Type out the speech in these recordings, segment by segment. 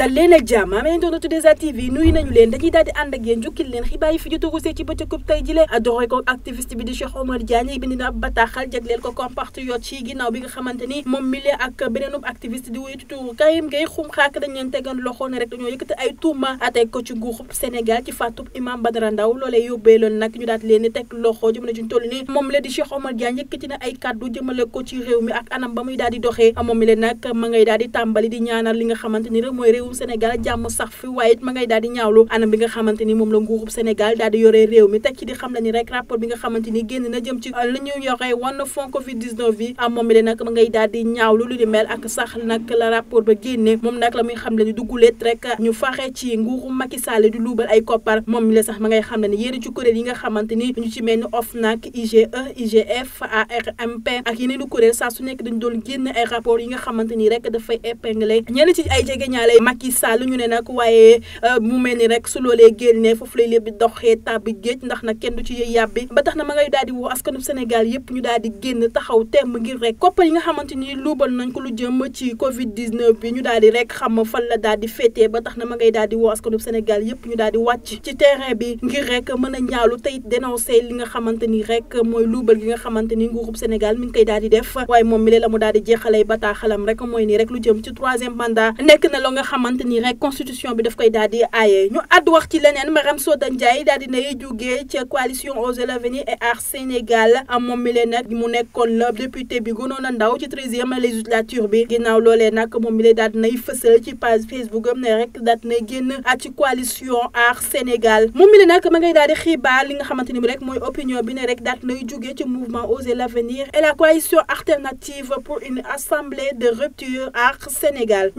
dal leen ak jàmm am internet Desa TV nuyu nañu leen dañuy daal di ànd ak yéen jukkil leen xibaar yi fi jot a rusee ci bëccëgub tey jile adoré ko activiste bi di Cheikh Omar Diagne bind na ab bataaxal jagleel ko compatriote ci ginnaaw bi nga xamante ni moom milee ak beneenub activiste di wuyu tutu Karim Gueye xum xaak dañ leen tegoon loxo ne rek dañoo yëkkati ay tuuma ateg ko ci nguurub Sénégal ci fàttub Imam Badara Ndaw loolee yóbbee loon nag ñu daat leen teg loxo jëmale ci toll ni moom la di Cheikh Omar Diagne yëkkati na ay kàddu jëmale ko ci réew mi ak anam ba muy daal di doxee moom mi leen nag ma ngay daal di tàmbali di ñaanal li nga xamante ni rek mooy réew réewum Sénégal jàmm sax fi waaye ma ngay daal ñaawlu anam bi nga xamante ni moom la nguurub Sénégal daal di yoree réew mi teg ci di xam la ni rek rapport bi nga xamante génn na jëm ci li ñu yoree woon fond covid 19 bi am moom ma ngay daal lu di ak ay koppar moom mi la sax ma ngay xam le ni yéen ci kuréel yi nga xamante ni ñu ci mel ni OFNAC IGE IGF ak yeneen i kuréel saa su nekk dañu doon génn ay rapport yi nga xamante ni rek dafay épinglé ñenn ci ay jege ñaale Macky lu ñu ne nag waaye euh, mu mel ni rek su loolee génnee foofu lay lépp doxee tàbbi géej ndax nag kenn du ci yëy yàbbi ba tax na ma ngay daal di woo askanu Sénégal yëpp ñu daal di génn taxaw temm ngir rek koppar yi nga xamante ni luubal nañ ko lu jëm ci Covid 19 bi ñu daal di rek xam fan la daal di féetee ba tax na ma daal di woo askanu Sénégal yëpp ñu daal di wàcc ci terrain bi ngir rek mën a ñaalu tey dénoncé li nga xamante ni rek mooy luubal gi nga xamante ni nguurub Sénégal mi ngi koy daal di def waaye moom mi la mu daal di jeexalee bataaxalam rek mooy ni rek lu jëm ci troisième mandat nekk na loo nga xamante xamante ni rek constitution bi daf koy daal di aaye ñu àddu wax ci leneen Mariam Soda Ndiaye daal di nay jógee ca coalition Osez l'Avenir et Aar Sénégal moom mi leen nag mu nekkoon la député bi gënoon a ndaw ci treizième législature bi ginnaaw loolee nag moom mi leen daal di nay fësal ci page Facebook am ne rek daal di nay génn ci coalition Aar Sénégal moom mi leen nag ma ngay daal di xibaar li nga xamante ni rek mooy opinion bi ne rek daal di nay jógee ci mouvement Osez l'Avenir et la coalition alternative pour une assemblée de rupture Aar Sénégal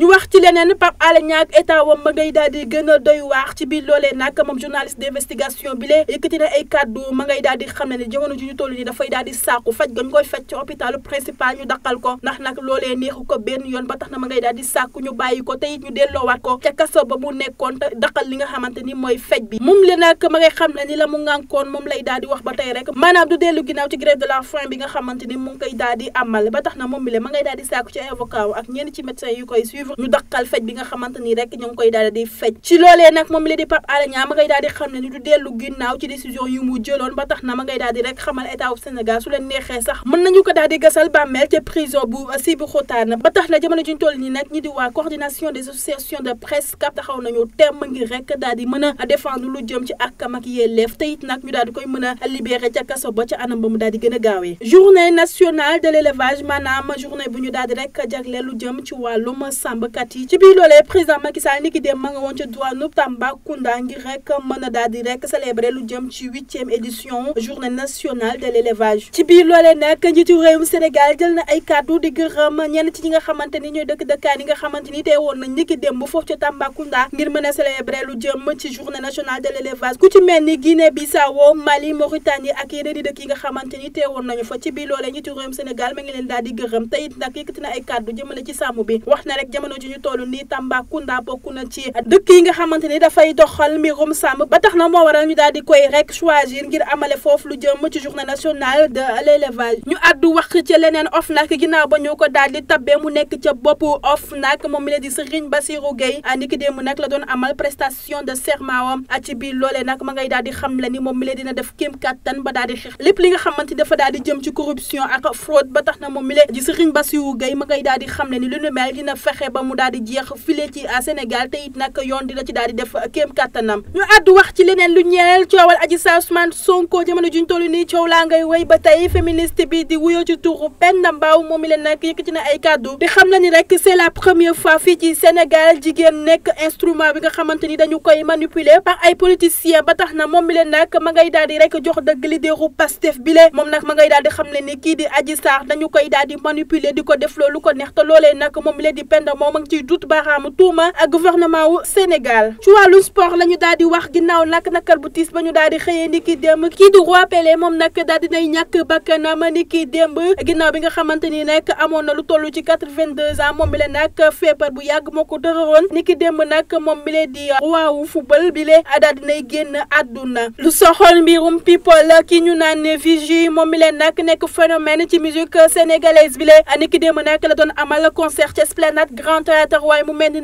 ñaak état wam ma ngay daal di gën a doy waax ci biir loolee nag moom journaliste d'investigation bi lee yëkkati na ay kàddu ma ngay daal di xam ne ne jamono ji ñu toll nii dafay daal di sàkku faj gañ koy faj ci hôpital principal daqal ko ndax nag loolee neexu ko benn yoon ba tax na ma ngay daal di sàkku ñu bàyyi ko te it ñu ko ca mu nekkoon te li nga xamante ni mooy faj bi moom le nag ma ngay xam ne ni la mu ngànkoon moom lay daal di wax ba tey rek maanaam du dellu ginnaaw ci grève de la faim bi nga xamante ni mu ngi koy daal di amal ba tax na moom mi le ma ngay daal di sàkku ci ay avocat ak ñenn ci médecin yu koy suivre ñu daqal bi xamante ni rek ñu ngi koy daal di fecc ci loolee nag moom li di Pape Alé Niang ma ngay daal di xam ne ni du dellu ginnaaw ci décision yu mu jëloon ba tax na ma ngay daal di rek xamal état wu Sénégal su leen neexee sax mën nañu ko daal di gasal bàmmeel ca prison bu Sébikotane ba tax na jamono juñ toll nii nag ñi di waa coordination des associations de presse kap taxaw nañu temm ngir rek daal di mën a défendre lu jëm ci àkkam ak yelleef te it nag ñu daal di koy mën a libéré ca kaso ba ca anam ba mu daal di gën a gaawee journée nationale de l'élevage maanaam journée bu ñu daal di rek jagleel lu jëm ci wàllum sàmmkat yi ci biir loolee président Macky Sall dem ma nga woon ca diwaanu Tambacounda ngir rek mën a daal di célébrer lu jëm ci huitième édition journée nationale de l' élevage ci biir loolee nag njiitu réewum Sénégal jël na ay kàddu di gërëm ñenn ci ñi nga xamante ni ñooy dëkk dëkkaan yi nga xamante ni teewoon nañ ni ki dem bu foofu ca Tambacounda ngir mën a célébrer lu jëm ci journée nationale de l' élevage ku ci mel ni Guinée Bissau Mali Mauritanie ak yeneen i dëkk xamante ni teewoon nañu fa ci biir loolee njiitu réewum Sénégal ngi leen daal di gërëm te it nag yëkkati na ay kàddu jëmale bi wax na rek jamono ji ñu tollu nii Tamba Tambacounda bokk na ci dëkk yi nga xamante ni dafay doxal mbirum sàmm ba tax na moo waral ñu daal di koy rek choisir ngir amale foofu lu jëm ci journée nationale de l'élevage ñu àddu wax ci leneen nag ginnaaw ba ñu ko daal di tabbee mu nekk ca boppu OFNAC moom mi la di Serigne Bassirou Gueye ah, niki démb nag la doon amal prestation de serment a ah, ci biir loolee nag ma ngay daal di xam la ni moom mi la dina def kéem kattan ba daal di xeex lépp li nga xamante dafa daal di jëm ci corruption ak fraude ba tax na moom mi la di Serigne Bassirou Gueye ma ngay daal di xam la ni lu nu fexe ba mu daal di jeex ci Sénégal te it yoon dina ci daal di def kéem kàttanam ñu àddu wax ci leneen lu ñeel coowal Adji Sarr Ousmane Sonko jamono juñ toll nii coow laa ngay wéy ba tey féministe bi di wuyoo ci tuuru Penda Mbaw moom mi leen nag yëkkati na ay kàddu di xam na ni rek c'est la première fois fii ci Sénégal jigéen nekk instrument bi nga xamante ni dañu koy manipuler par ay politiciens ba tax na moom mi leen nak ma ngay daal di rek jox dëgg leaderu Pastef bi le moom nag ma ngay daal di xam le ni kii di Adji Sarr dañu koy daal di manipuler di ko def loolu ko neex loolee nag moom mi leen di Penda moom ma tuuma ak gouvernement wu Sénégal ci sport la ñu di wax ginnaaw nag nakal bu tiis ba ñu daal di xëyee ni ki démb kii di Roi Pelé moom nag daal nay ñàkk bakkanam ni ki démb ginnaaw bi nga xamante ni nag amoon na lu toll ci quatre-vingt-deux ans moom mi leen nag feebar bu yàgg moo ko dërëroon ni ki démb nag moom mi leen di roi wu football bi lee daal di nay génn àdduna lu soxol mbirum people ki ñu naan Vigie moom mi leen nag nekk phénomène ci musique sénégalaise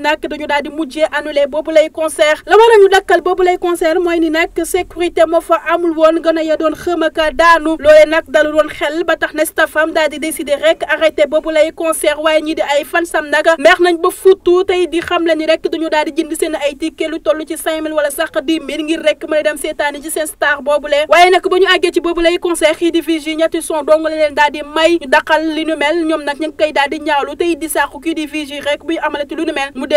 nag dañu daal di annulé boobu lay concert a ñu dakkal boobu lay concert mooy ni nag sécurité moo fa amul gën a doon xëm daanu loolee nag dalu woon xel ba tax ne stafam daal décidé rek arrêté boobu lay concert waaye ñii di ay fansam nag meex nañ ba futtu tey di xam ni rek dañu daal jënd seen ay ticket lu toll ci cinq mille wala sax ngir rek mën a dem seetaani ci seen star boobule waaye nag ba ñu àggee ci boobu lay concert xii ñetti son dong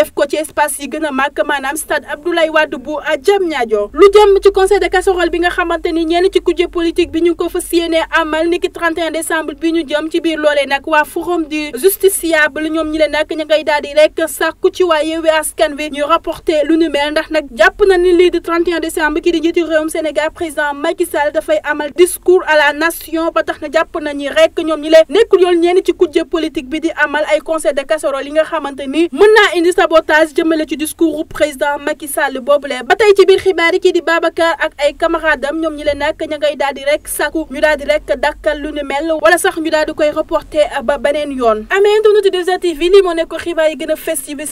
la def ko ci espace yi gën a màgg maanaam stade Abdoulaye Wade bu ah, Diamniadio lu jëm ci conseil de casserole bi nga xamante ñenn ci kujje politique bi ñu ko fas yéenee amal niki 31 décembre bi ñu jëm ci biir loolee nag waa forum du justiciable ñoom ñi leen nag ñu ngay daal di sàkku ci waa Yewwi Askan Wi ñu rapporté lu ñu ndax nag jàpp na ni lii di 31 ki di njiitu réewum Sénégal président Macky Sall dafay amal discours à la nation ba tax na sabotage jëmale ci discours président Macky Sall boobulee ba tey ci biir xibaar yi kii di Babacar ak ay camaradam ñoom ñi leen nag ña ngay daal di rek sàkku ñu daal di rek lu ni mel wala sax ñu daal di koy reporter ba beneen yoon amee internet di 2S TV lii moo nekk xibaar yi gën a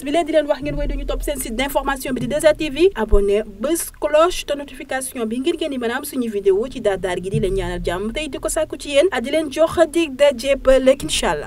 bi leen di leen wax ngeen way dañu topp seen site d'information bi di 2S TV abonné bés cloche te notification bi ngir ngeen di mën a am suñu vidéo ci daar daar gi di leen ñaanal ci leen jox dig dajee ba